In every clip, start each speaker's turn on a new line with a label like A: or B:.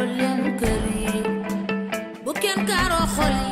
A: lu leen kër yi bu kenn kaaroo xol yi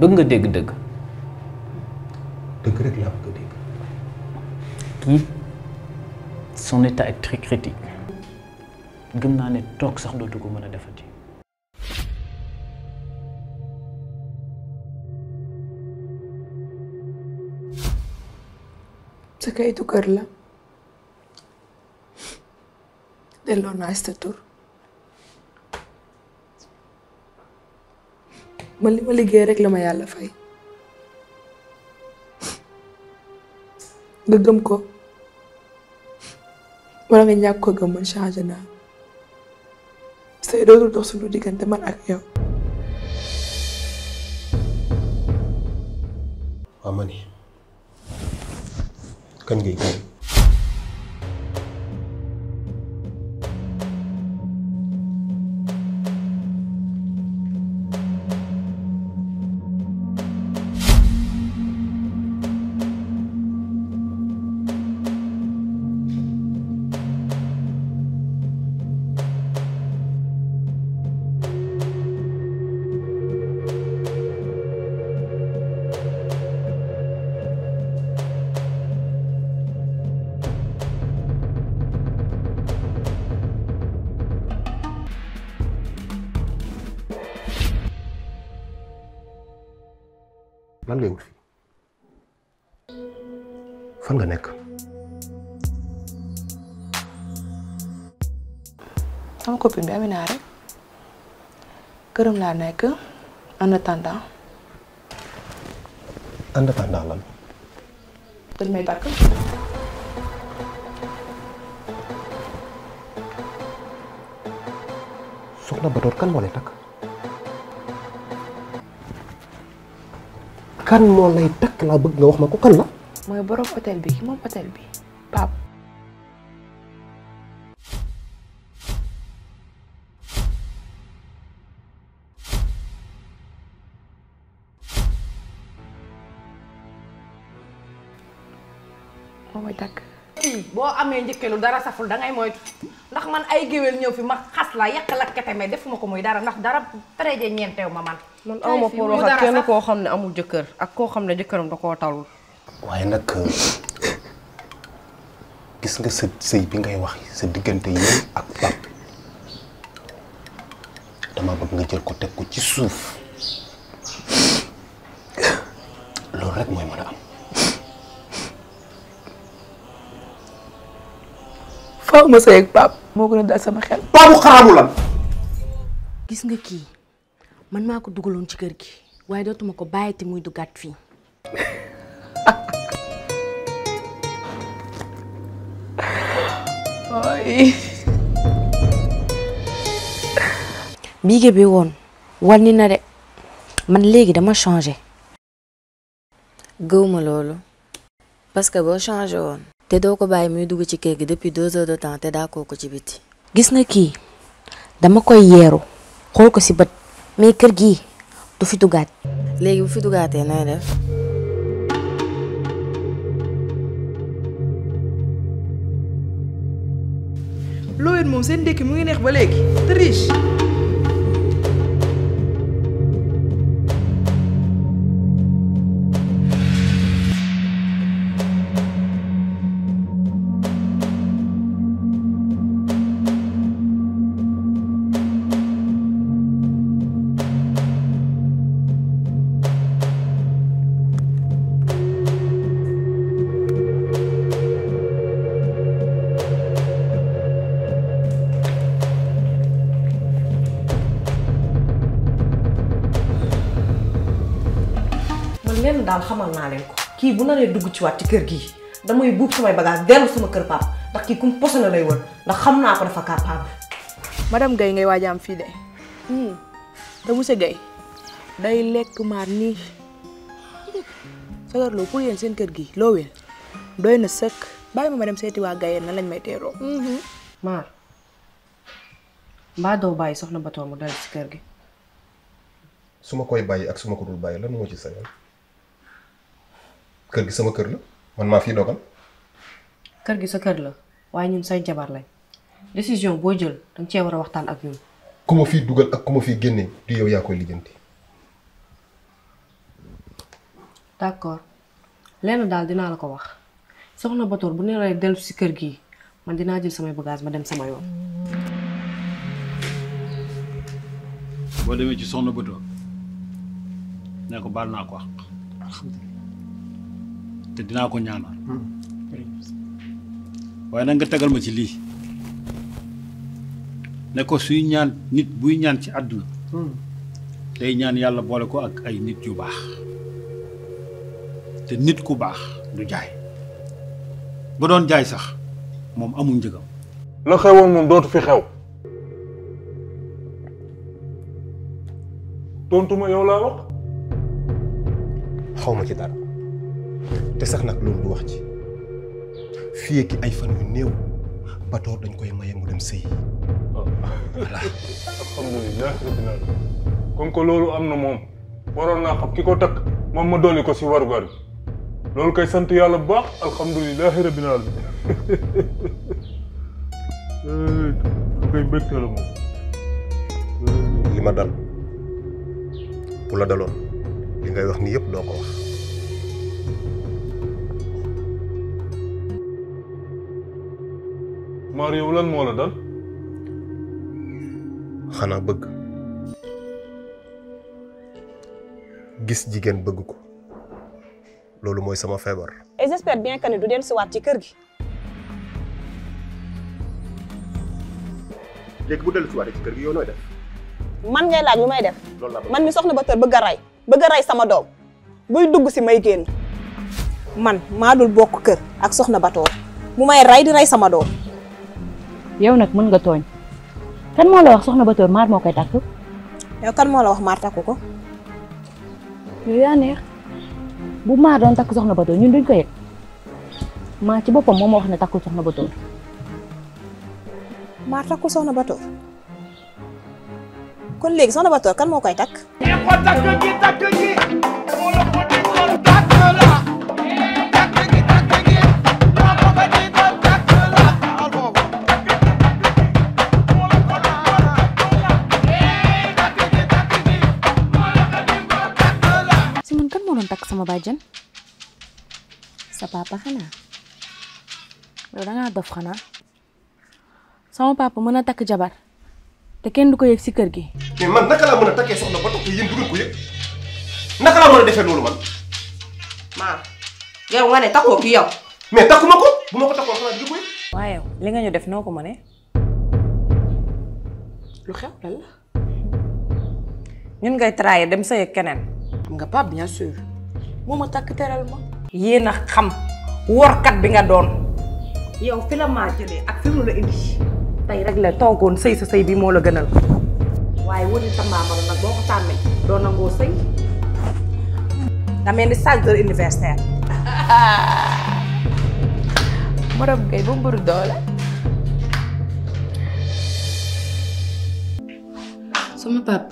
B: bëgg nga dégg dëgg. dëgg rek laa bëgg a dégg. kii son état est très critique gëm naa ne toog sax dootu ko mën a defati.
A: sa kayitu kër la delloo naa sa tur. man li ma liggéey rek la ma yàlla fay nga gëm ko wala nga ñàkk ko gëm man changé naa say dootul dox suñu diggante man ak yow.
B: waaw man kan ngay fan nga nekk.
A: sama copine bi Amina rek këram laa nekk en attendant.
B: en attendant lan. dañ may tàkk. kan moo takk. kan moo takk laa bëgg nga wax ma ko kan la.
A: Mă borog pe telbi, chimăm pe telbi. Pap! moom mooy tàkk. boo amee njëkkeelu dara saful da ngay moytu ndax man ay géwél ñëw fi ma xass la yak la kete mais defuma ko muy dara ndax dara préje ñeenteew ma man. Non aw ma pour wax kenn ko xamné amul ak ko xamné ne da ko tawul
B: waye nak euh, gis nga sa sëy bi ngay wax sa diggante yi ak pap dama bëgg nga jël ko tek ko ci suuf loolu rek moy mëna am
A: faaw ma sey ak pap mo gëna a dal sama xel babu xaramu lan gis nga ki man mako dugulon ci kër gi waye dootuma ko bayati muy dugat fi Ay. bii bi woon wàññi na de man léegi dama changé. gëw loolu. parce que boo changé woon. te doo ko bàyyi muy dugg ci kër gi depuis deux heures de temps te daa koo ko ci biti. gis na kii dama koy yeeru xool ko si bët mais kër gi du fi dugaat. léegi bu fi dugaatee nay def. looyut moom seen ndékki mu ngi neex ba léegi te riche xamal naa leen ko kii bu naree dugg ci waat ci kër gi damay buub samay bagage dellu sama kër pap ndax kii kum posé na lay wër ndax xam naa ko dafa capable. madame Guèye ngay waajaam fii de hmm, te monsieur Guèye lekk maar nii sagar loo pour yéen seen kër gi loo wéen doy na sëkk bàyyi ma ma dem seeti waa Guèye na lañ may teeroo. Mm-hmm. maar mbaa doo bàyyi soxna Bato mu dal kër gi.
B: su ma koy bàyyi ak su ma ko dul bàyyi lan moo ci sa kër gi sama kër la man maa fii dogal.
A: kër gi sa kër la waaye ñun say jabar lañ décision boo jël dañ cee war a waxtaan ak ñun.
B: ku ma fiy dugal ak ku ma fiy génne di yow yaa koy lijjanti.
A: d'accord lenn daal dinaa la ko wax soxna Batoor bu ne lay dellu si kër gi man dinaa jël samay bagage ma dem sama yoon.
B: boo demee ci soxna Batoor ne ko baal naa ko wax. te dina ko ñaanal hmm. waaye nag nga tegal ma ci lii ne ko suy ñaan nit buy ñaan ci àdduna hmm. day ñaan yàlla boole ko ak ay nit yu baax te nit ku baax du jaay ba doon jaay sax moom amul njëgam
C: la xewoon moom dootu fi xew ma yow laa wax
B: xaw ma ci dara té sax nak loolu wax ci fii ki ay fan yu néew batoor dañ koy maye mu dem sey
C: voilà alhamdulilah rabbil alamin comme que loolu am na moom waroon naa xam ki ko takk moom ma dolli ko si war war loolu koy sant yàlla bu baax alhamdulilahi rabbil alamin lu koy mbégte la moom
B: li ma dal bu la daloon li ngay wax ni yëpp doo ko wax
C: Mari ulan lan moo la dal
B: xana bëgg gis jigen bëgg ko loolu moy sama febar
A: et j'espère bien que ne kan du del wat ci kër gi
B: léegi bu ci wat ci kër gi yow def
A: man ngay laaj lu may def man mi soxna ba tër bëgg ray bëgg ray sama doom buy dugg si may genn man maa dul bokk kër ak soxna batoor mu may ray di ray sama doom yow nag mën nga tooñ kan moo la wax soxna Batoor maar moo koy takk. yow kan moo la wax maar takku ko. yow yaa neex bu maar doon takk soxna Batoor ñun duñ ko yëg maa ci boppam moom moo wax ne takkul soxna Batoor. maar takkul soxna Batoor kon léegi soxna Batoor kan moo koy takk. ko
B: takk gi takk gi.
A: sama dyan? sa papa na. Kan, ah? Wala nga, dof kan, Sa ah? sama papa muna tak jabar te kenn du ko yek si kër gi
B: mais ya, man nakala muna tak a na ya, soxna ba yin yéen ko yek. Nakala ya. muna defen a man
A: Ma, yow nga ne tako ki yaw. Me tako mako? bu ko tako akala du ko yek. waa yow li nga ko man lu Lo lan lala. Nyun ngay trahir dem sa yek kenen. nga pa, bien sûr moma tak takk teral ma. Yena xam wor workat bi nga don yow fi la ma jëlee ak fi mu la indi. tay rek la tonkon sey sa sey bi mo la gënal. waye wëri sa mama nak boko tamé do na ngo sey da melni sage de universitaire. morom kay bu mburu doole. sama pap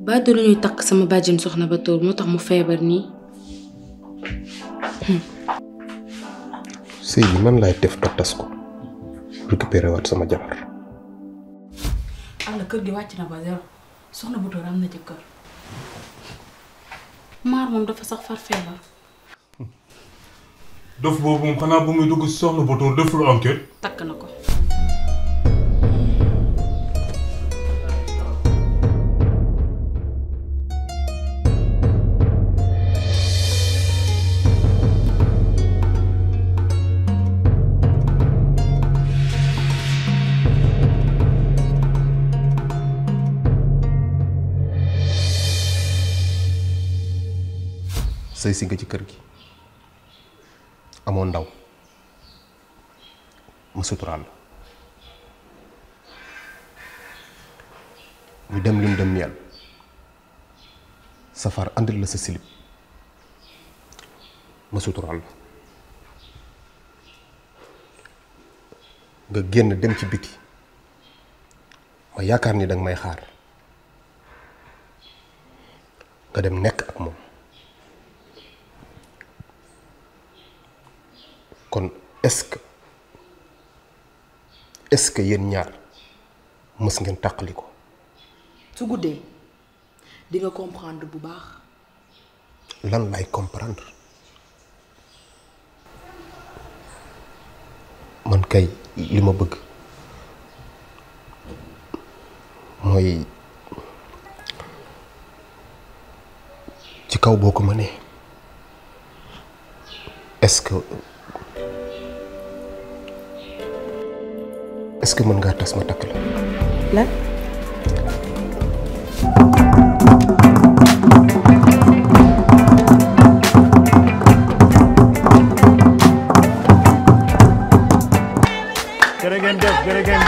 A: ba do la ñuy sama badjin soxna ba tour motax mu febar ni
B: sëy bi man laay def tas ko récupéré waat sama jabar.
A: allah kër gi wàcc na ba zéro soxna bu tóor am na jëkkër. maar moom dafa sax far feebar.
C: dof boobu moom xanaa bu muy dugg si soxna bu tóor deful enquête.
A: takk na ko.
B: sëy singa kerki, ci kër gi amoon ndaw ma sutural mu dem lim dem ñeel safar andil la sa silib ma sutural nga genn dem ci biti ma yaakaar ni may xaar nga dem nek ak mom est-ce que est-ce que yeen ñaar mëss ngeen tàqali
A: su guddé di nga comprendre bu baax
B: lan lay comprendre man kay lima bëgg moy ci kaw boko mané est-ce que est-ce que mën ngaa tas ma takk la. lan. jërë ngeen jëf jërë ngeen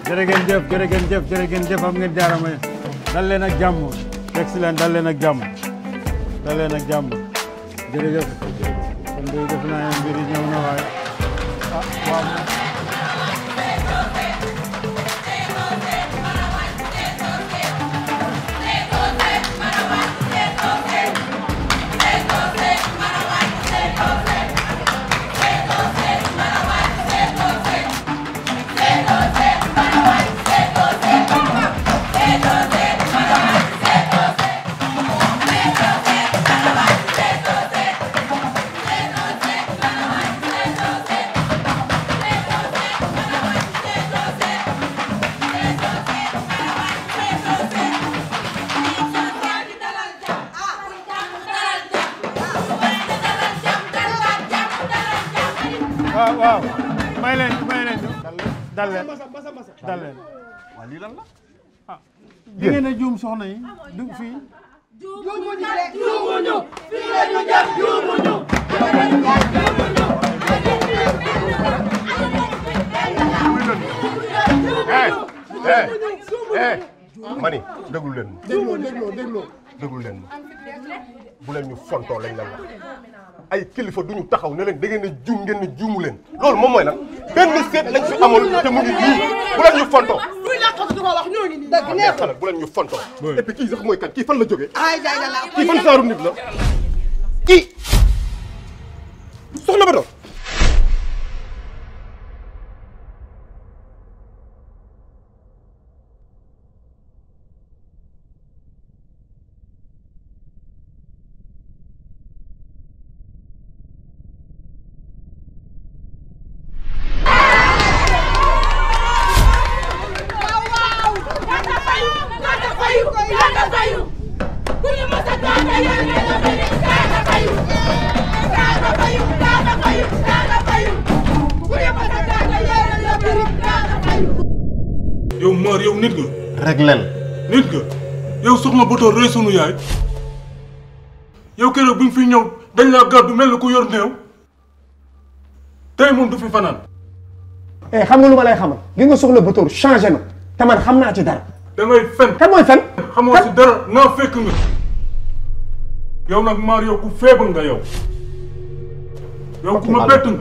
B: jëf jërë ngeen jëf jërë ngeen jëf jërë ngeen jëf am ngeen jaarama dal leen ak jàmm teg si leen dal leen ak jàmm dal leen ak jàmm jërëjëf kon de def naa mbir yi ñëw na waaye ah waaw. soxna yi
A: du fii juumuñu rek juumuñu fii la ñu jëm juumuñu
B: ma ni déglu leen déglu leen déglu bu len ñu fonto lañ la wax ay kilifa duñu taxaw ne leen da ngeen a juum ngeen ne juumu leen loolu moom mooy lan benn set lañ fi amul te mu ngi bu len ñu fonto
A: tax du ko wax ñoo ngi nii. dëgg neexul
B: bu leen ñu fonto ah. et puis kii sax mooy kan kii fan la jógee.
A: ay jaay la kii fan saarum
B: nit la kii soxna Badoo.
C: nit nga. reglel nit nga yow soxna Boto rey sunu yaay yow keroog bi mu fi ñëw dañ laa gàddu mel ni ku yor néew tey moom du fi fanaan. eh xam nga lu lay xamal gi nga soxla Boto changé na te man xam naa ci dara. da ngay fen kan mooy fen. xamoo si dara naa fekk nga. yow nag Mario ku feebal nga yow. yow ku ma bett nga.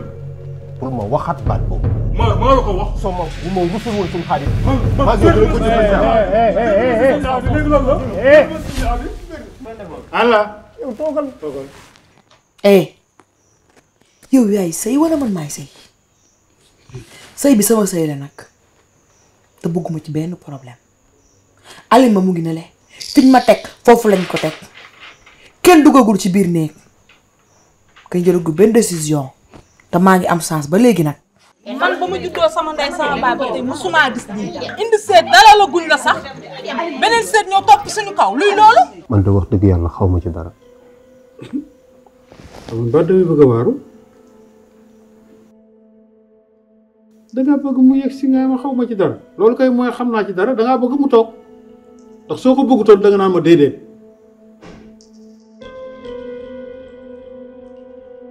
B: pour ma waxaat baat boobu.
C: ma
A: yow yaay sëy wala man maay sëy sëy bi sama sëy la nag te bëgguma ci benn problème alima mu ngi ne ma teg foofu lañ ko teg kenn duggagul ci biir néeg kenn jëlagul benn décision. te maa ngi am chance ba léegi nag. man ba ma juddoo sama ndey sama baay ba tey musuma gis indi seet dalal la guñ la sax beneen seet ñoo topp suñu kaw luy loolu.
B: man de wax dëgg yàlla xaw ma ci dara. xam bëgg dangaa bëgg mu yegg si nga ma xaw ma ci dara loolu kay mooy xam naa ci dara dangaa bëgg mu toog ndax soo ko bëggutoon danga naan ma déedéet.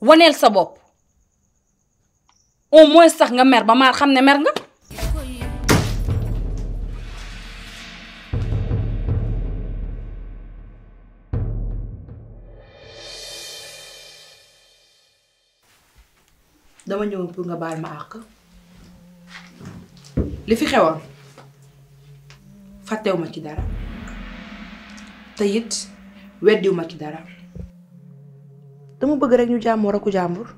A: waneel sa bopp au moins sax nga mer ba maa xam ne mer nga. dama ñëwoon pour nga baal ma àq li fi xewoon fàttewu ma ci dara te it weddiwu ci dara. te mu bëgg rek ñu jàmmoo raku jàmbur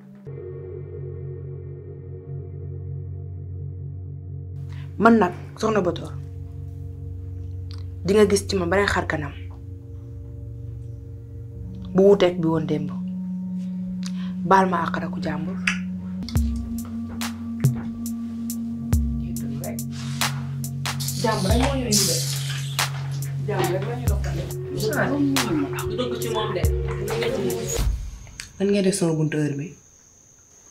A: man nak soxna Bator di nga gis ci ma beneen xar kanam bu wutek bi won demb. Bal ma akara ko jambur. jàmm rek moo ñu indi de jàmm rek la ñu doxale. lan nga def sama buntu heure bi.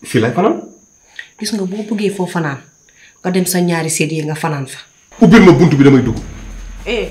A: fii lay fanaan. gis nga boo buggee foo fanaan nga dem sa ñaari séet yi nga fanaan fa.
B: ubbil ma buntu bi damay dugg. Eh,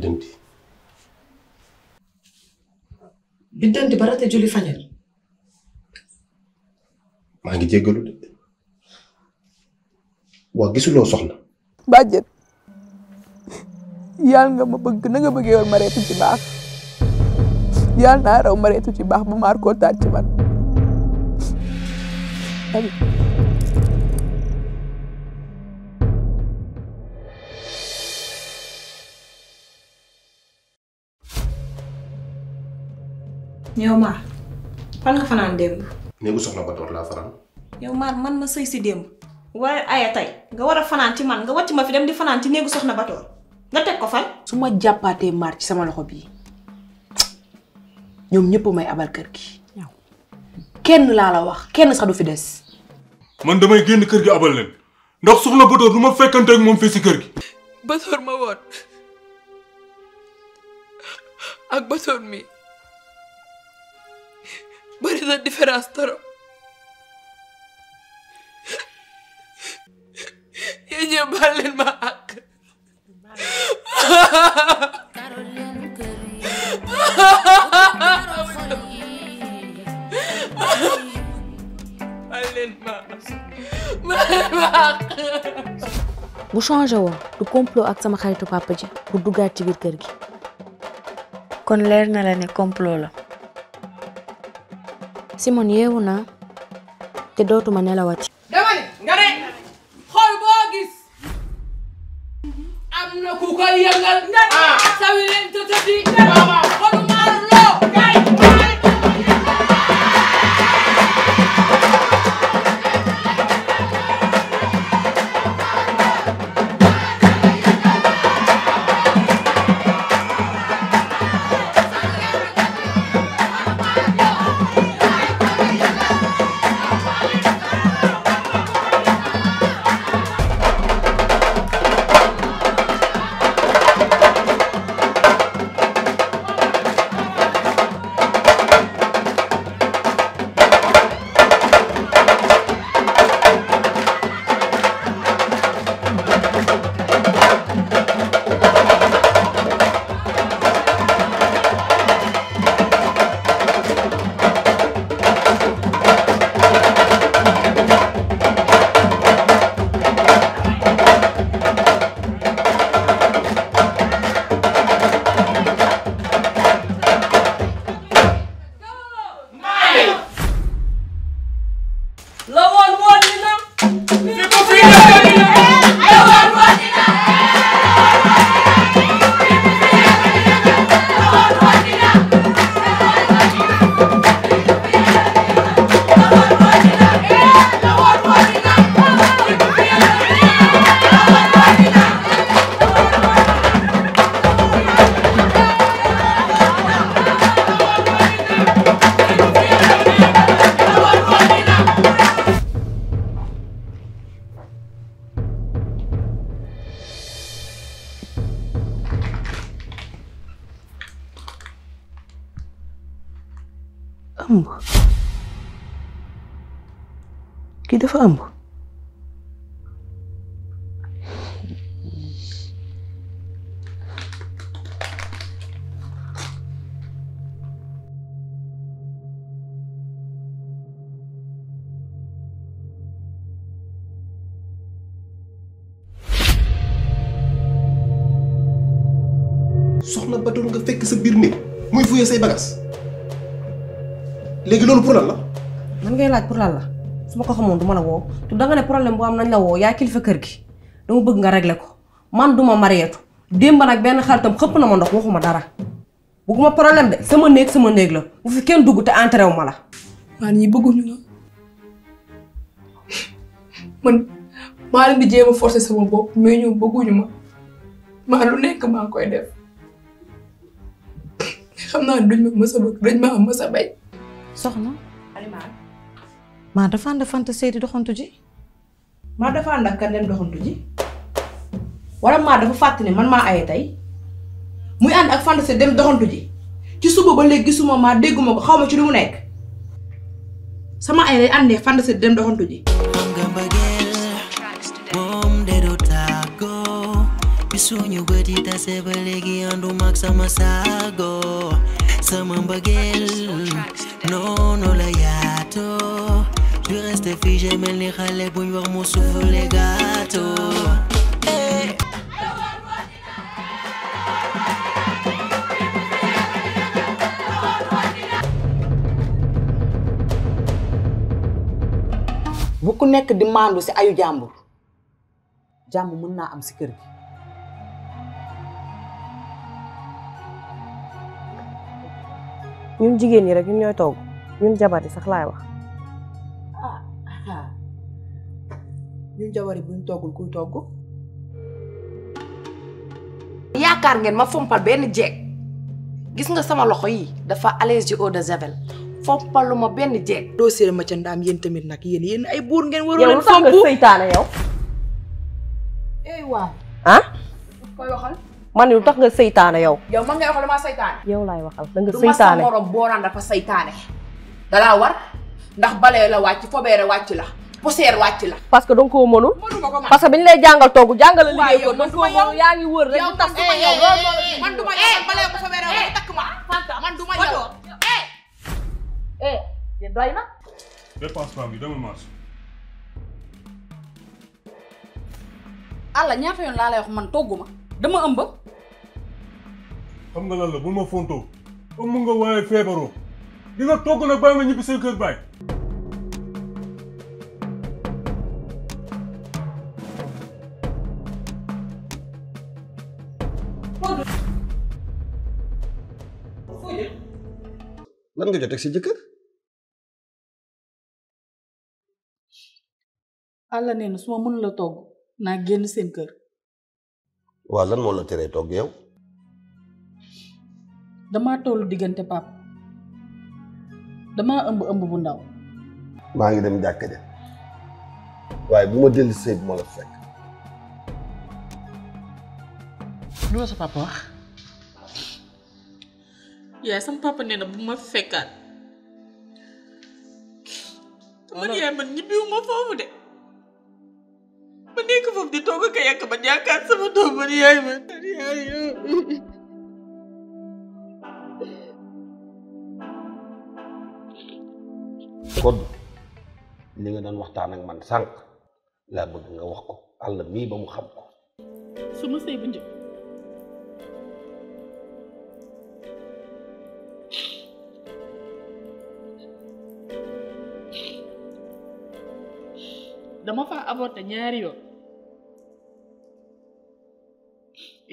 B: bidanti
A: bidanti barata julli fajar
B: ma ngi djegalu de waa gisuloo
A: soxna bàjjet yal nga ma beug na nga bëggee woon mareetu ci bax yal na raw maretu ci bax bu mar ko tat ci man Thank you. yow maar fan nga fanaan démb. néegu soxna Batoor laa fanaan. yow maar man ma sëy si démb waaye aya tey nga war a ci man nga ma fi dem di fanaan ci néegu soxna Nanti nga teg ko fan. su ci sama loxo bii ñoom ñëpp may abal kër gi. kenn laa la wax kenn sax du fi des.
C: man damay génn kër gi abal leen ndax soxna Batoor du ma fekkante ak moom fii si kër gi.
A: ma ak mi. différence torop yéen
C: ñëpp
A: bu changé woon du complot ak sama xaritu papa ji bu duggaat biir kër gi kon leer na la ne complot la Simon yeewu naa te dootuma nelawati. dama ne nga ne xool boo gis am na ku koy yëngal. nga ne ah. sawi leen tëtëti.
B: soxna Batool nga fekk sa biir néeg muy fuyee say bagages léegi loolu pour lan la.
A: man ngay laaj pour lan la su ma ko xamoon du ma la woo te danga ne problème bu am nañ la woo yaa kilifa kër gi dama bëgg nga régler ko man duma mariyeetu démb nag benn xaritam xëpp na ma ndox waxuma dara bëgguma problème de sama néeg sama néeg la bu fi kenn dugg te entré wu ma la. man ñi bëgguñu la man maa leen di jéem a forcer sama bopp mais ñoom bëgguñu ma maa lu nekk maa koy def. xam naa duñ ma mës a bëgg duñ ma mës a bañ. soxna. maa dafa ànd fanta di doxantu ji. maa dafa ànd ak kan dem doxantu ji. maa dafa fàtte man maa aye tey muy ànd ak fanta dem doxantu ji ci suba ba léegi gisuma maa dégguma ko xaw ma ci lu mu nekk sama ay lay àndee fanta sey dem doxantu ji. suñu bët yi tase ba léegi ànduma ak sama saago sama mbëggeel noonu la yaatoo du reste fii j'ai ni xale buñ wax mu soufflé gâteau eh. bu ku nekk di maandu ci ayu jàmbur jàmm mën naa am ci kër ñun jigéen yi rek ñun ñoy togg ñun jabar yi sax lay wax. ñun jabar yi buñ toggul kuy togg. yaakar ngeen ma fompal benn jeeg gis nga sama loxo yi dafa allergie eau de javel fompalu ma benn jeeg. dossier ma ca ndam yeen tamit nak yeen yeen ay bour ngeen. waroo leen fompu yow lu tax nga seytaane yow. eh wa ah. koy waxal man lu nga seytaane yow yow man ngay wax dama seytaane yow lay waxal da nga seytaane morom boran dafa da la war ndax balé la wacc fobéré wacc la poussière wacc la parce que donc ko mënul parce que biñ lay jangal togu jangal la liggéey ko donc ko ya ngi wër rek tax suma yow man duma yow balé ko fobéré wacc tak ma fanta man duma yow eh eh ye doy na
C: dépense pas bi dama marche
A: Allah ñaata yon la lay wax man toguma dama ëmb
C: xam nga lan la bul ma fontoo comme mun nga waaye feebaroo di togg nag bàyyi ma ñibbi say kër baay lan nga jot ak sa jëkkër
A: àlla nee na su ma mënula togg naa génn seen kër
B: waa lan moo la teree togg yow
A: dama tolu digënté pap dama ëmb ëmb bu ndaw
B: ma ngi dem jakk ja way bu ma dellu bu ma la fekk
A: lu sa papa wax ya sam papa nee na bu ma fekkaat man yaay man ñibbiwuma foofu de ma nekk foofu di toog ak a ba yaakaar sama doom man yaay man
C: yaay kodd
B: li nga doon waxtaan ak man sànq laa bëgg nga wax ko àll mii ba mu xam ko.
A: su ma sëy bu njëkk dama faa avorté ñaari yoon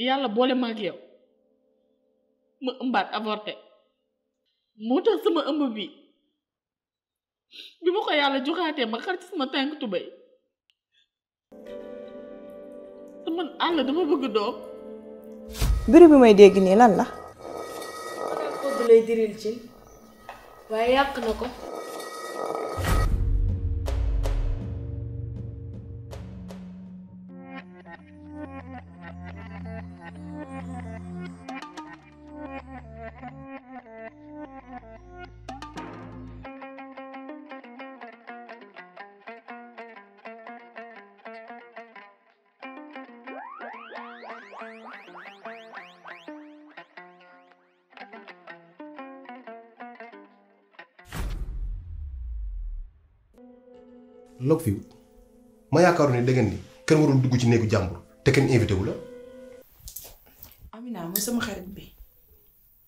A: yàlla boole ma yow ma ëmbaat avorté moo tax sama ëmb bi. bi ma ko yàlla joxaatee ma xar ci sama tànk tubay te àll dama bëgg doom biri bi may dégg nii lan la. lay diril ci waaye yàq na ko.
B: loog fi ma yaakaaru ne dégg ni kenn warul dugg ci néegu jàmbur te kenn invité wu la.
A: Amina mooy sama xarit bi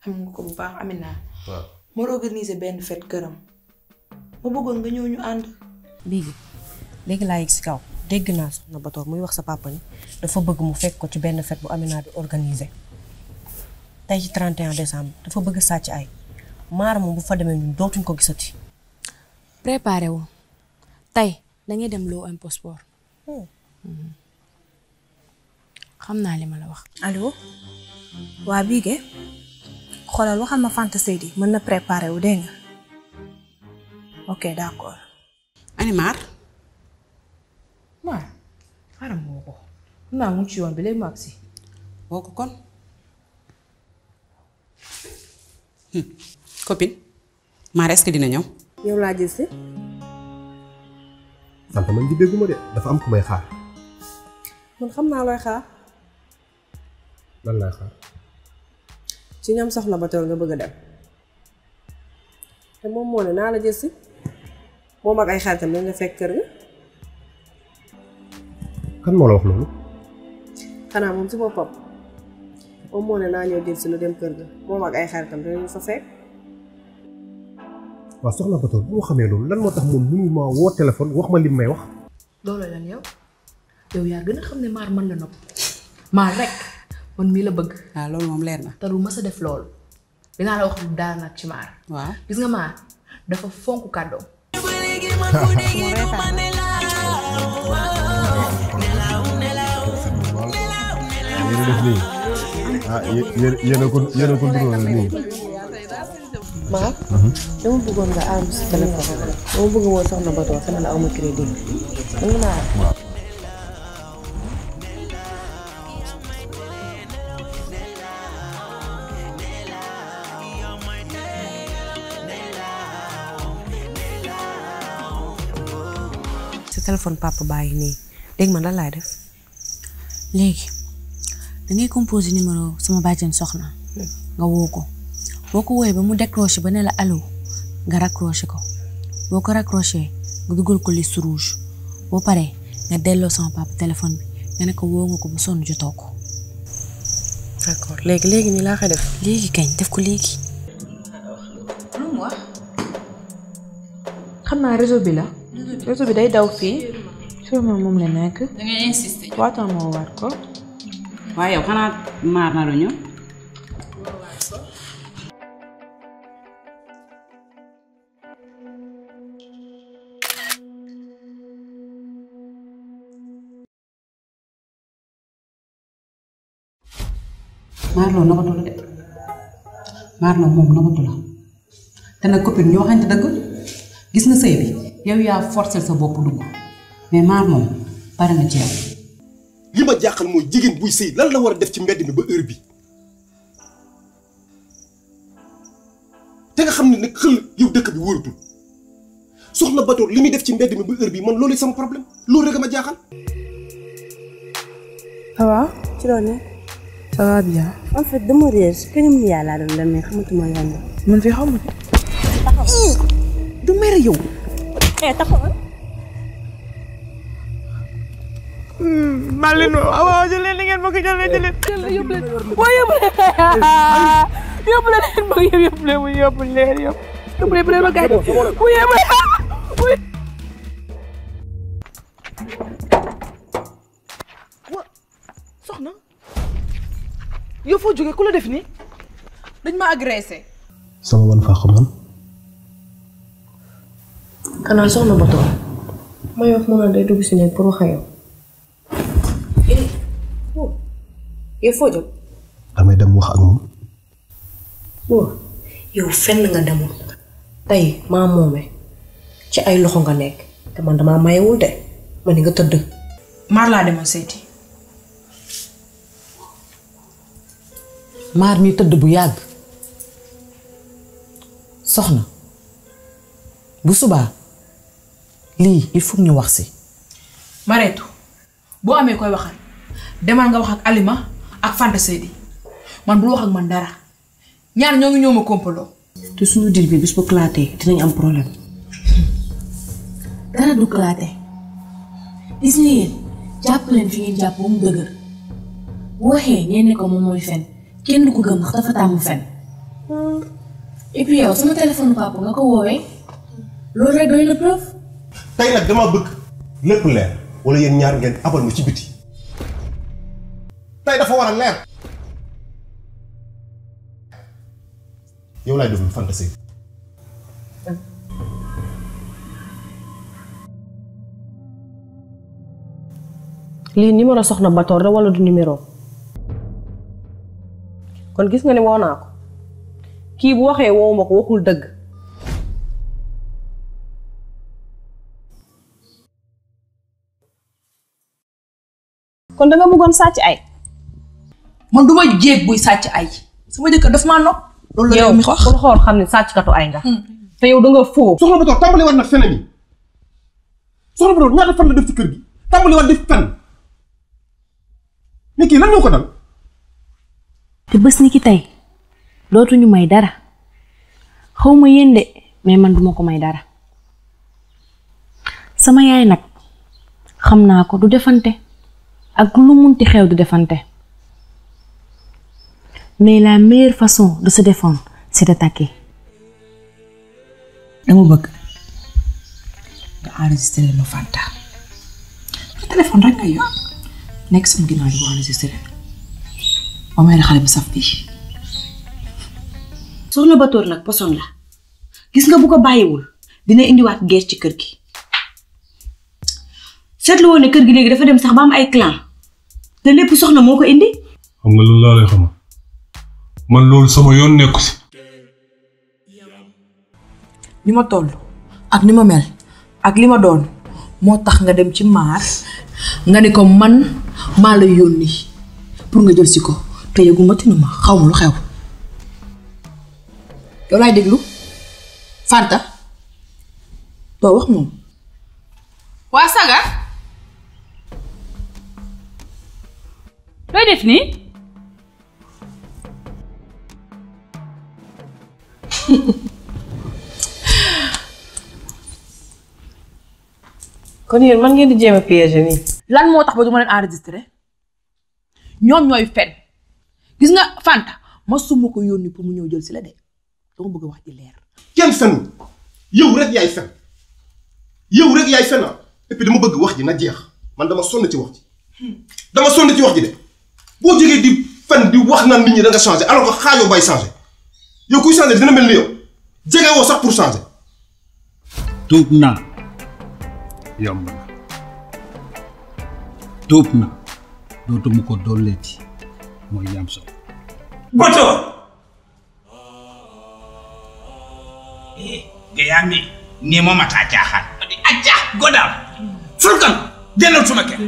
A: xam nga ko bu baax Amina. waaw moo organisé benn fête këram ma bëggoon nga ñëw ñu ànd. léegi léegi laa yegg si kaw dégg naa soxna Batoor muy wax sa papa dafa bëgg mu fekk ko ci benn fête bu Amina di organisé tey ci 31 décembre dafa bëgg sàcc ay maar moom bu fa demee ñun dootuñ ko gisati. préparé wu. طيب dem lo un passeport oh. mm-hmm. xamna li ma la wax allo wa ge xolal waxal ma fantasy di mën na préparer wu deng ok d'accord animar ma ara moko na mu ci won bi lay maxi boko kon hmm. copine mar est ce que dina ñew yow la
B: santaman ji dégguma de dafa am ku may xaar
A: man xam naa looy xaar lan laa xaar ci ñam soxla ba nga bëgg a dem te moom moo ne naa la jël si moom ak ay xaritam dañ la fekk kër ga
B: kan moo la wax loolu
A: xanaa moom si boppam moom moo ne naa ñëw jël si lu dem kër ga moom ak ay xaritam dañ la fa fekk
B: waaw soxna Batoor boo xamee loolu lan moo tax moom mënu ma woo téléphone wax ma lim may wax.
A: loolu lan yow yow yaa gën a xam ne maar mën na nopp maar rek man mii la bëgg. waaw ah, loolu moom leer na. te du mas a def loolu dinaa la wax daal nag ci maar. waaw gis nga maar dafa fonk kàddoom.
B: Ah, yéen a ko yéen a ko dugal nii.
A: ma dama bëggoon nga am si téléphone dama bëgg woon sax na batoo feneen aw crédit danga naa téléphone papa bàyyi nii léegi man lan laay def léegi da ngay composé numéro sama bàjjen soxna hmm. nga woo ko boo ko ba mu décroché ba ne la allo nga raccroché ko boo ko raccroché nga dugal ko liste rouge boo paree nga delloo sama papa téléphone bi nga ne ko woo nga ko ba sonn jotoo ko. d'accord léegi léegi nii laa koy def. léegi kañ def ko léegi. lu mu wax. xam naa réseau bi la. réseau bi day daw fii. sûrement moom la nekk. da ngay insister. waaw tam moo war ko. waaye yow xanaa maar na lu ñu. Marlo nobatu la de Marlo mom, nobatu la te ko pin ñoo xante deug gis nga sey bi yow ya, ya forcer sa bop dug mais maar moom pare na ci yow. li ma jaaxal
B: mooy jigéen buy sey lan la wara def ci mbedd mi ba heure bi te nga xamni ne xel yow dekk bi wóoratul soxna batoor limi def ci mbedd mi ba heure bi man loolu sama problème loolu rek ma jaxal
A: awa ci loolu فابيا فهم في الدم وريش كلمني لي على العرب لما يخمت ما يعني من في حمر دمريو ايه تخون Malin, awak jalan dengan pakai jalan jalan. Jalan, you boleh. Wah, you boleh. You boleh, you boleh, you boleh, you boleh, you boleh. You boleh, boleh pakai. You boleh. fo joge jógee la def ni dañ ma agresser
B: sama wan faa xamoon.
A: kanaan soxna Bato may wax mona day dugg ci nekk pour wax yow. Eh, yow fo jog damay dem wax ak mom wo yow fenn nga demul. tay ma momé ci ay loxo nga nek te man dama mayewul de ma nga teud mar la demal seti maar mi tëdd bu yàgg soxna bu subaa lii il faut ñu wax si. Mareetu boo amee koy waxal demal nga wax ak Alima ak Fanta Seydi man bul wax ak man dara ñaar ñoo ngi ñoo ma kompaloo. te suñu dir bi bis bu claté dinañ am problème. dara du claté gis yéen fi ngeen jàpp mu dëgër bu waxee ngeen ko moom mooy fenn kenn du ko gëm dafa tàmm fen et puis yow sama téléphone papa nga ko woowee loolu rek doy na preuve.
B: nag dama bëgg lépp leer wala yéen ñaar ngeen abal ma ci biti tey dafa war a leer. yow laay déglu fantasy.
A: lii numéro soxna Batoor la wala du numéro. kon gis nga ne woo naa ko kii bu waxee woowu ko waxul dëgg kon da nga bëggoon sàcc ay man duma ma buy sàcc ay sama jëkkër daf ma nopp loolu mi xool xam ne sàcckatu ay nga hmm. te yow da nga foo soxna bu toog tàmbali war na feneen yi
B: soxna bu toog ñaata fan la def ci kër gi tàmbali war def fen
A: mais kii lan ñoo ko dal te bés ni ki tey dootuñu may dara xaw ma yéen mais man duma ko may dara sama yaay nag xam naa ko du defante ak lu ti xew du defante mais la meilleure façon de se défendre c'est d'attaquer dama bëgg nga enregistré ma Fanta téléphone rek nga yor nekk sama ginnaaw di ko Mama xale bu bisa baturnak Soalnya Batoor nak poson lah. Kis nga buka bayi ul. dina indiwaat guerre ci kër gi seetlu woon ne dem sax ba am ay pusok te lépp indi.
C: xam nga kama. laa sama yon
A: ni ma ak ni mel ak lima don, motak nga dem ci maar nga ne ko man maa la pour te yëgu ma tinu ma xaw lu xew yow laay déglu Fanta doo wax moom waa sagar looy def nii kon yéen man ngeen di jéem a piéger nii lan moo tax ba du ma leen enregistré ñoom ñooy fen gis nga fanta masuma ko yoni pour mu ñew jël ci la dé do nga bëgg wax ci lèr kenn fenul yow rek yaay fen
B: yow rek yaay fena ah. et puis dama bëgg wax ji na jeex man dama sonn ci wax ji dama sonn ci wax ji dé bo jógee di fan di wax na nit ñi da nga changer alors que xaju bay changer yow kuy changer dina melni yow jege wo sax pour changer tuub na yom na tuub na do tu mu ko dolé ci mooy li am solo.
A: Eh, Gayami nemo mata jaaxal. Aja godam. Fulkan dia suma kër.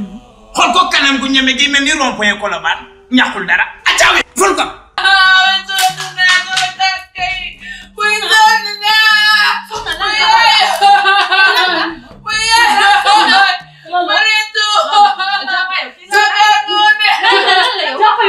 A: Xool ko kanam gu ñeme gi mel ni rond-point Colobane ñàkkul dara. Aja wi fulkan.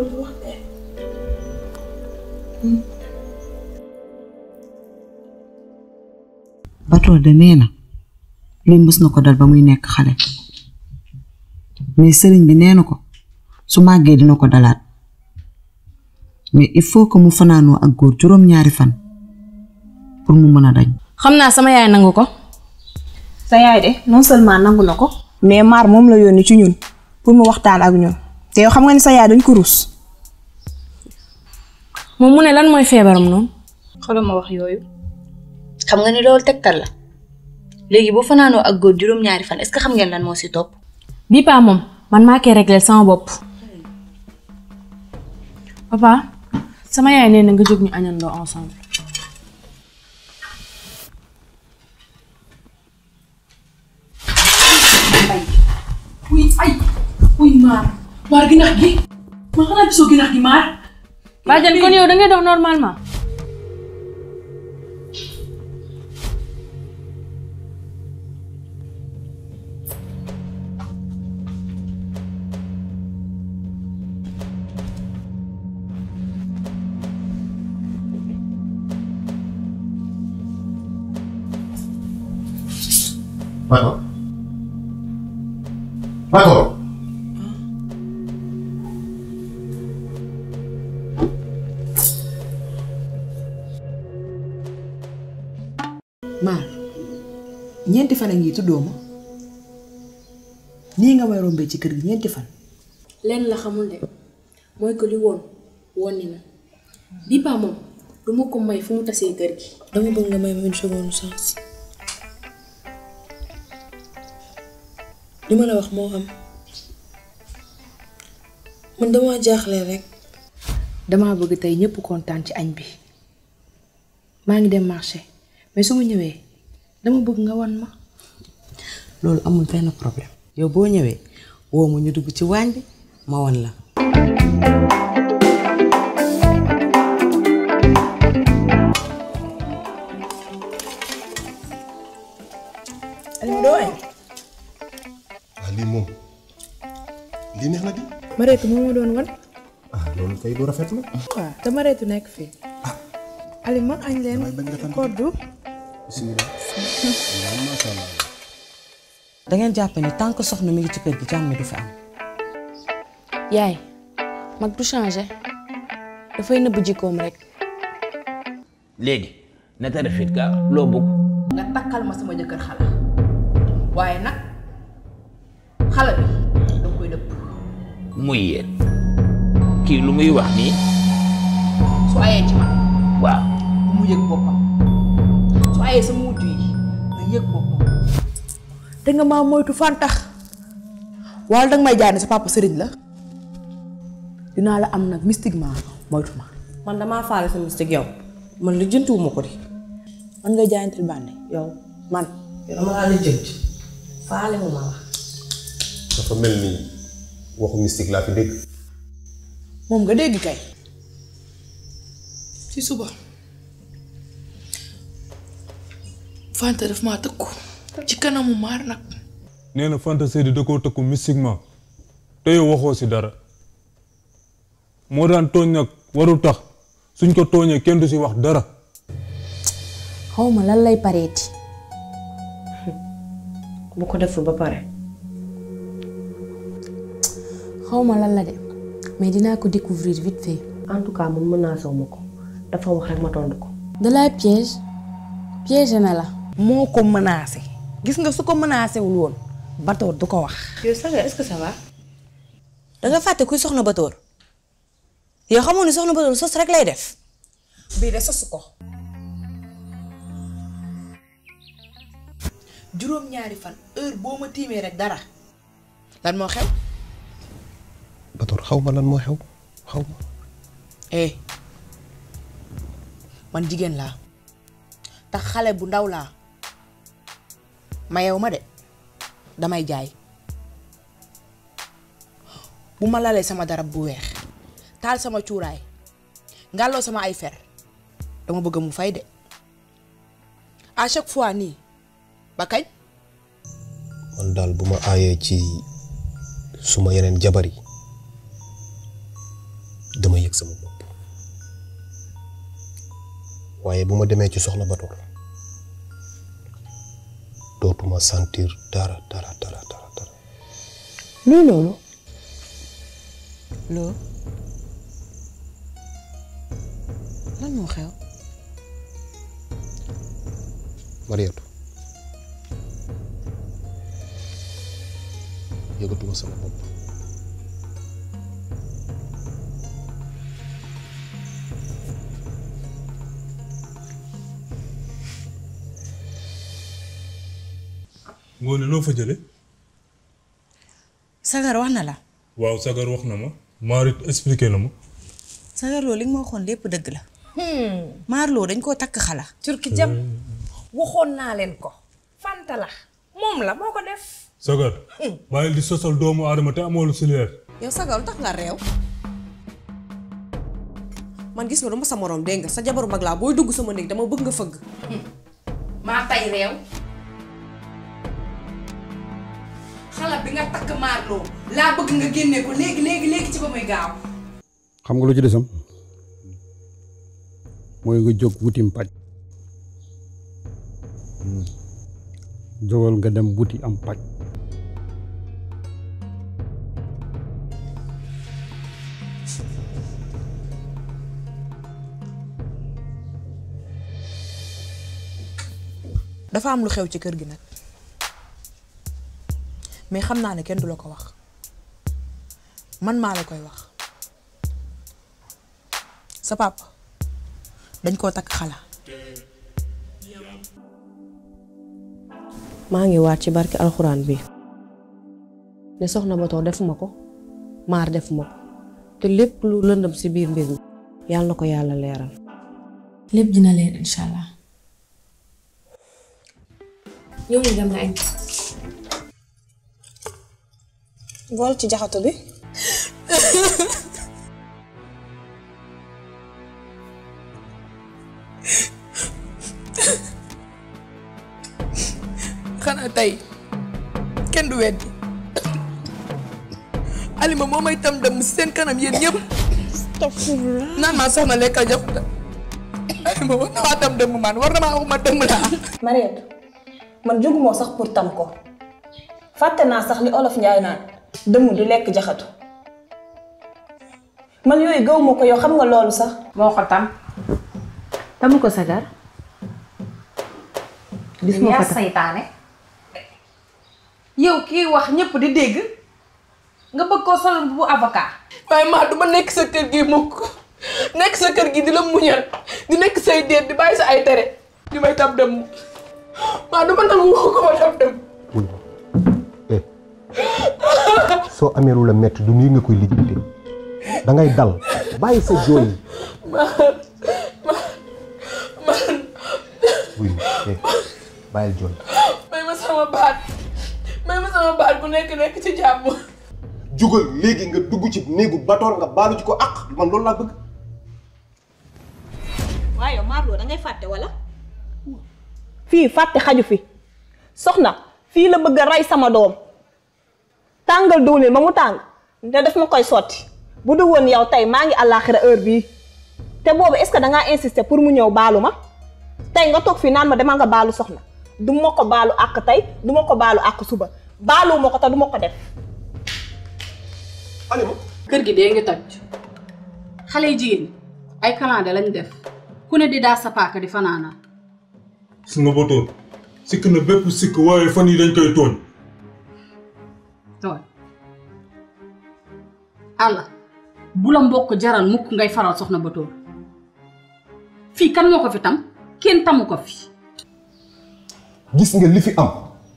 A: ko di waxtaan de nee na lii na ko dal ba muy nekk xale mais sëriñ bi nee na ko su màggee dina ko dalaat mais il faut que mu fanaanoo ak góor juróom-ñaari fan pour mu mën a dañ. xam naa sama yaay nangu ko. sa yaay de non nangu na ko. mais maar moom la yónni ci ñun pour mu waxtaan ak ñun te xam nga ni sa yaay dañ ko moom mu ne lan mooy feebaram noonu. xoolal ma wax yooyu xam nga ni loolu tegtal la léegi boo fanaanoo ak góor juróom-ñaari fan est-ce xam ngeen lan moo si topp. bii paa moom man maa koy réglé sama bopp. papa sama yaay nee na nga jóg ñu añandoo ensemble. Vayan con orang dong normal ¿ma? Bueno, fan a ngi tuddoo ma nii nga may rombee ci kër gi ñeenti fan lenn la xamul de mooy ko li woon woon bii paa moom du ko may fu mu tasee kër gi dama bëgg nga may ma une ma la wax moo xam man dama jaaxle rek dama bëgg tey ñëpp kontaan ci añ bi maa ngi dem marché mais su ma ñëwee dama bëgg nga wan ma loolu amul benn problème yow bo ñëwee wo mu ñu dugg ci waañ ma won la
B: Ali moom li neex na di
A: Mareetu mo mo doon won
B: ah loolu kay lu rafet la
A: waaw nek fi nekk ah. fii Alima añ leen koddu bismillah ma sha Allah dengan ngeen jàpp ni tant que soxna mi ngi ci kër gi jàmm du fi am. yaay mag du changé dafay nëbb jikkoom rek. léegi na ta rafet ka loo bëgg. nga takkal ma sama jëkkër xala waaye nag xala bi da koy dëpp. muy yéen kii lu muy wax nii. su ayee ci man. waaw te nga maa moytu fantax wala danga may jaay ne sa papa sëriñ la dinaa la am nag mystiquement moytu ma. man damaa faale sa mystique yow man lu jëntuwuma ko di. man nga jaayantil bànne yow man. yow dama laa lijjënt la.
B: dafa mel ni waxu mystique laa fi dégg.
A: moom nga dégg kay. ci suba. Fanta daf maa tëkku. ci kanamu maar nag.
C: nee na Fanta Seydi da koo tëkku mystiquement te yow waxoo si dara moo daan tooñ nag warul tax suñ ko tooñee kenn du si wax dara.
A: xaw ma lan lay pareeti. bu ko deful ba pare. xaw ma lan la de mais dinaa ko découvrir vite fait. en tout cas man menacé wu ma ko dafa wax rek ma tontu ko. da la piège na la. moo ko menacé. gis nga su ko menacé wul woon Batoor du ko wax. yow ça va est-ce que fàtte kuy soxna Batoor yow xamoon ni soxna Batoor sos rek lay def. bii de sosu ko. juróom-ñaari fan heure boo ma tiimee rek dara. lan moo xew.
B: Batoor xaw ma lan moo xew xaw ma.
A: eh man jigéen laa. tax xale bu ndaw laa. mayaw ma de damay jaay Buma lalé sama darab bu wéx tal sama curai, ngallo sama ay fer dama bëgg mu fay de à chaque fois ni bakay
B: man dal buma ayé ci suma yenen dama sama bop waye buma démé ci soxna dootuma santir dara dara dara
A: dara dara. loolu. loo lan moo xew.
B: Mariétou yëgatuma sama bopp.
C: ngoone loo fa jële
A: sagar wax na la
C: waaw sagar wax na ma maarit expliqué na ma
A: sagar loo li ma waxoon lépp dëgg la hmm. maarloo dañ koo takk xala turki jam eh. waxoon naa leen ko fanta la moom la moo ko def sagar hmm.
C: bàyyil di sosal doomu aadama te amoolu si leer
A: yow sagar lu tax nga réew man gis nga du ma sa morom dégg nga sa jabaru mag laa booy dugg sama néeg dama bëgg nga fëgg hmm. maa tay réew bi nga takk maarloo laa bëgg nga génne ko léegi léegi léegi ci ba muy gaaw.
B: xam nga lu ci desam mooy nga jóg wutim paj jógal nga dem wuti am paj
A: dafa am lu xew ci kër gi nag mais xam naa ne kenn du la ko wax man maa la koy wax sa papa dañ koo takk xala maa ngi waat ci barki alxuraan bi ne soxna Bator defuma ko maar defuma ko te lépp lu lëndëm ci biir mbir mi yàlla ko yàlla leeral lépp dina leer incha bool ci jaxatu bi xanaa tey kenn du weddi alima moo may tam dem seen kanam yéen ñëpp naan maa soxna lekkal jaxuta alima war na maa tam dem man war na maa waxuma dem laa Mariette man jógumoo sax pour tam ko fàtte naa sax li olof njaay naan demu di lek jaxatu man yoy gawmako yo xam nga loolu sax moo tam tamu ko sagar gis mo ko tam yow ki wax ñepp di dégg nga bëgg ko solal bu avocat waaye ma duma nek sa kër gi mukk nek sa kër gi di la muñal di nek say déet di bay sa ay téré di may tam dem ma duma nangu ko ma dem
B: soo amee lu la métti du nii nga koy lijjanti da ngay dal bàyyi sa jooy yi.
A: man man. wuy bu nekk nekk ci jàmm.
B: jugal léegi nga dugg ci néegu batool nga baalu ci ko ak man loolu laa bëgg.
A: waaye yow Marlo da fàtte wala. fii fàtte xaju fi soxna fii la bëgg a rey sama doom. tangal diwlin ma mu tang da def ma koy soti bu du woon yow tay ma ngi alakhirah heure bi te bobu est ce da nga insister pour mu ñew baluma ma nga tok fi naan ma demal nga balu soxna du mako balu ak tay du mako balu ak suba balu mako ta du mako def def. mo keur gi de nga toj xale jigen ay calendrier lañ def ku ne di da sa ka di fanaana.
C: sunu boton ba na fan dañ koy togn
A: àll bu la mbokk jaral mukk ngay faral soxna Batoor fii kan moo ko fi tam kenn tamu ko fi.
B: gis nga li fi am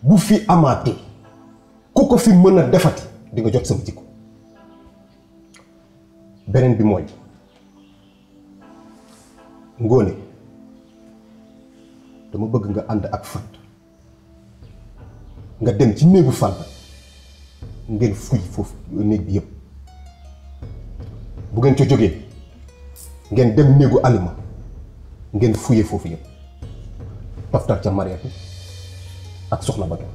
B: bu fi amaatee ku ko fi mën a defati di nga jot sama jikko beneen bi mooy ngóone dama bëgg nga ànd ak Fanta nga dem ci néegu Fanta ngeen fuy foofu néeg bi yëpp. bu ngeen ci jógee ngeen dem néegu alima ngeen fuyee foofu yëpp toftal ca Mariétu ak soxna Bato.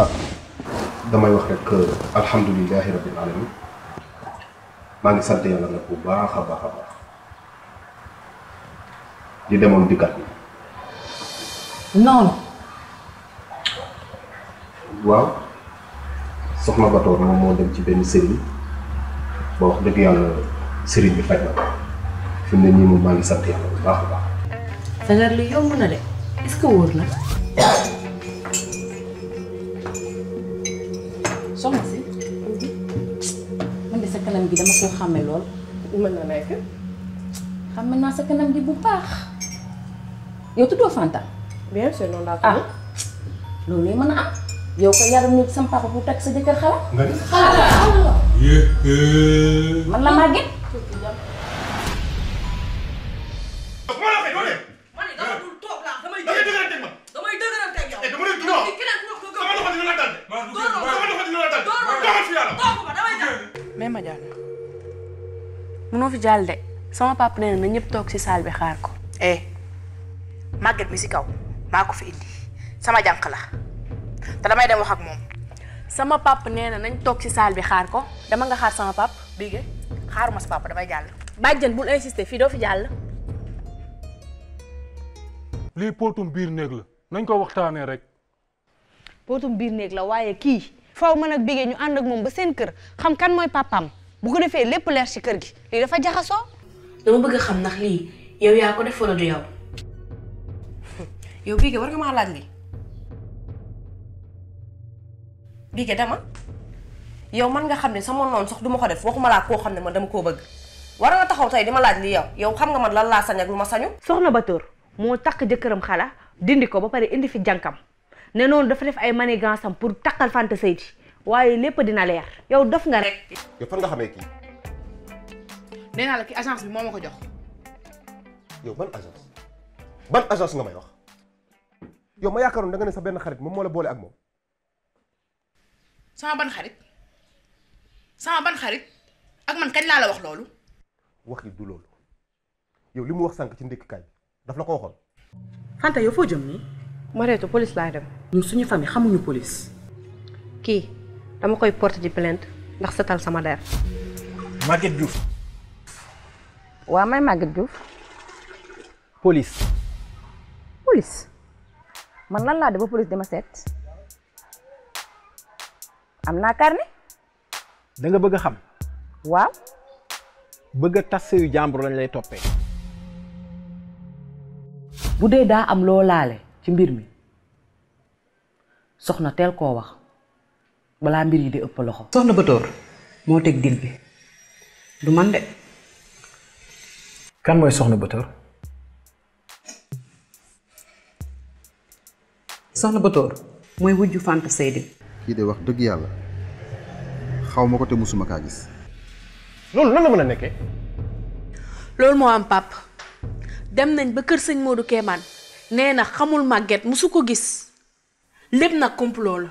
B: ah damay wax rek euh, alhamdulilahi rabbil alamin maa ngi sant yàlla nag bu baax a baax a baax di demoon dikkat noonu waaw soxna Batoor moom moo dem ci benn sëriñ ba wax dëgg yàlla sëriñ bi faj na ko fi ne nii moom maa ngi sant yàlla bu baax a baax.
A: sagar li yomb na de est-ce wóor na. foo xamee lool. mën na nekk. xam naa sa kanam gi bu baax. yow tuddoo Fanta. bien sûr noonu laa ko ah. loolu lay mën a am. yow ko yaram nit sama papa bu teg sa jëkkër xala.
C: nga ni xala. man la
A: màgget. jàll de sama papa nee na ñëpp toog ci salle bi xaar ko. eh màgget mi ci kaw maa ko fi indi sama jànq la te damay dem wax ak moom. sama papa nee na nañ toog ci saal bi xaar ko dama nga xaar sama papa Bigué xaaruma sa papa damay jàll. bàjjen bul insister fii doo fi jàll.
C: lii pootum biir néeg la nañ ko waxtaanee rek.
A: pootum biir néeg la waaye kii. faw man ak Bigué ñu ànd ak moom ba seen kër xam kan mooy papaam. bu ko defee lépp leer si kër gi lii dafa jaxasoo. dama bëgg xam ndax lii yow yaa ko def wala du yow. yow bii war nga maa laaj lii dama yow man nga xam ne sama noonu sax du ma ko def waxuma laa koo xam ne man dama koo bëgg war nga taxaw tey di ma laaj lii yow yow xam nga ma lan laa sañ ak lu ma sañu. soxna Batoor moo takk jëkkëram xala dindi ko ba pare indi fi jànkam ne noonu dafa def ay manigansam pour takkal Fanta Seydi waaye lépp dina leer yow def nga rek.
B: yow fan nga xamee kii.
A: nee naa la ki agence bi moo ma ko jox.
B: yow ban agence ban agence nga may wax yow ma yaakaaroon da nga ne sa benn xarit moom moo la boole ak moom.
A: sama ban xarit sama ban xarit ak man kañ laa la wax loolu.
B: wax yi du loolu yow li mu wax sànq ci ndékkikaay bi daf la ko waxoon.
A: Anta yow foo jëm nii. Mariétou police laay dem. ñun suñu famille xamuñu police. kii. dama koy porte ji ndax setal sama der Maguette Diouf waaw may Maguette Diouf police police man lan laa def ba police dama seet am naa carnet
B: da nga bëgg a xam waaw bëgg a tas yu jàmbur lañ lay toppee
A: bu dee daa am loo laale ci mbir mi soxna teel koo wax bala mbir yi di ëpp loxo. soxna ba tóor moo teg dil bi du man de. kan mooy soxna ba tóor. soxna ba
B: tóor mooy wujju Fanta Seydi. kii de wax dëgg yàlla xaw ma ko te musuma kaa gis.
A: loolu lan la mën a nekkee. loolu moo am pap dem nañ ba kër sëñ Modou Kéemaan nee na xamul màgget musu ko gis lépp nag complot la.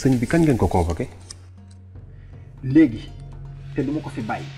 B: sëñ bi kañ ngeen ko convoqué. léegi te du duma ko fi bàyyi.